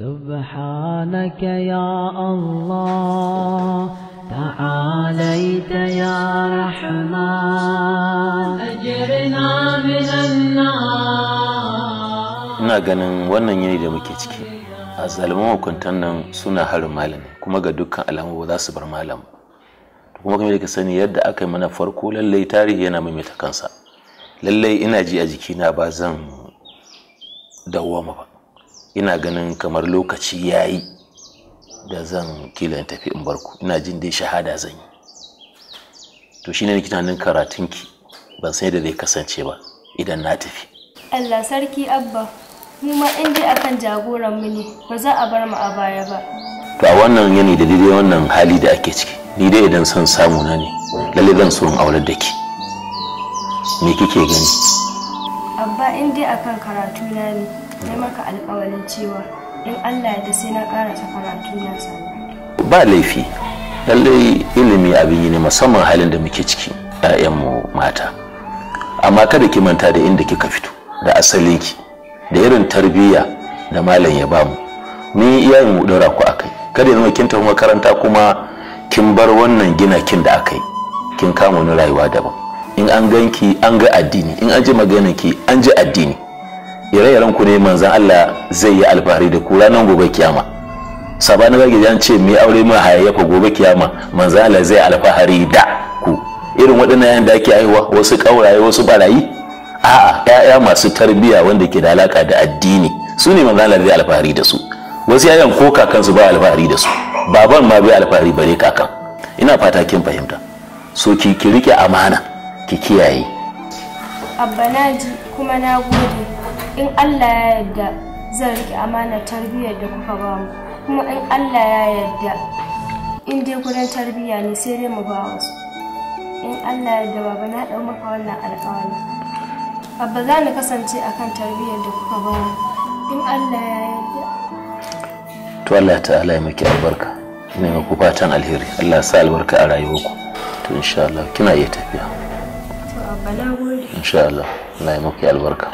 سبحانك يا الله تعاليت يا رحمن أجرنا من النار ina ganin wannan yini da muke ciki a zalman hukuntan nan suna harin malami, kuma ga dukkan alamu ba za su bar malam kuma kamar da sani yadda aka yi mana farko lallai tarihi yana maimaita kansa lallai ina ji a jikina ba zan dawwama ba ina ganin kamar lokaci ya yi da zan kila tafi in barku ina jin dai shahada zan yi to shine nake nan karatunki ban sai da zai kasance ba idan na tafi Allah sarki abba mu ma in dai akan jagoran mu ne ba za a bar mu a baya ba to wannan yani da daidai wannan hali da ake ciki ni dai idan son samu na ne lalle zan so in aure da ki me kike gani abba in dai akan karatu na ne na maka alƙawarin cewa in Allah ya sai na karasa karatu na Ba laifi, lallai ilimi abin yi ne musamman halin da muke ciki mu mata. Amma kada ki manta da inda kika fito, da ki da irin tarbiyya da malam ya bamu. Ni iyayen mu ɗora ku akai. Kada ya kin tafi makaranta kuma kin bar wannan gina kin da akai kin kama wani rayuwa daban. In an ganki an ga addini, in an ji ki an ji addini. ne manzan Allah zai yi alfahari da ku ranar gobe kiyama sabanin zagi an ce mai aure ma hayayyafa gobe kiyama manzan Allah zai alfahari da ku irin waɗannan yayin da ake haihuwa wasu ƙauraye wasu barayi a'a ƴaƴa masu tarbiyya wanda ke da alaka da addini su ne manzan Allah zai alfahari da su wasu yayan ko kakan su ba alfahari da su baban ma bai alfahari bare kakan ina fata kin fahimta so ki ki rike amana ki kiyaye abba na ji kuma na gode in allah ya yarda zan rike amana tarbiyyar da kuka ba mu kuma in allah ya yarda in dai gudan tarbiyya ne sai dai mu ba wasu in allah ya yarda baba na ɗau maka wannan alƙawari abba za ni kasance akan tarbiyyar da kuka ba mu in allah ya yarda to allah ta'ala ya maki albarka ina ku fatan alheri allah ya sa albarka a rayuwarku to insha allah kina iya tafiya Baba na gode. Insha Allah, Allah ya muku albarka.